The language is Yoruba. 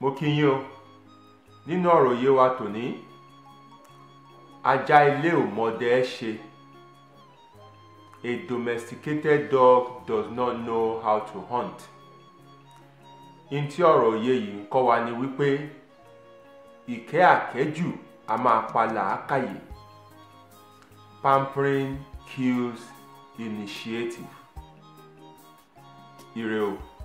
mo kí yín o nínú ọ̀rọ̀ yé wa tòní ajá ilé ò mọdẹ ẹ ṣe a domesticated dog does not know how to hunt in tí ọ̀rọ̀ òye yìí ń kọ́ wa ni wípé ìkẹ́ àkẹ́jù a máa pa làákàyè pampering kills initiative ire o.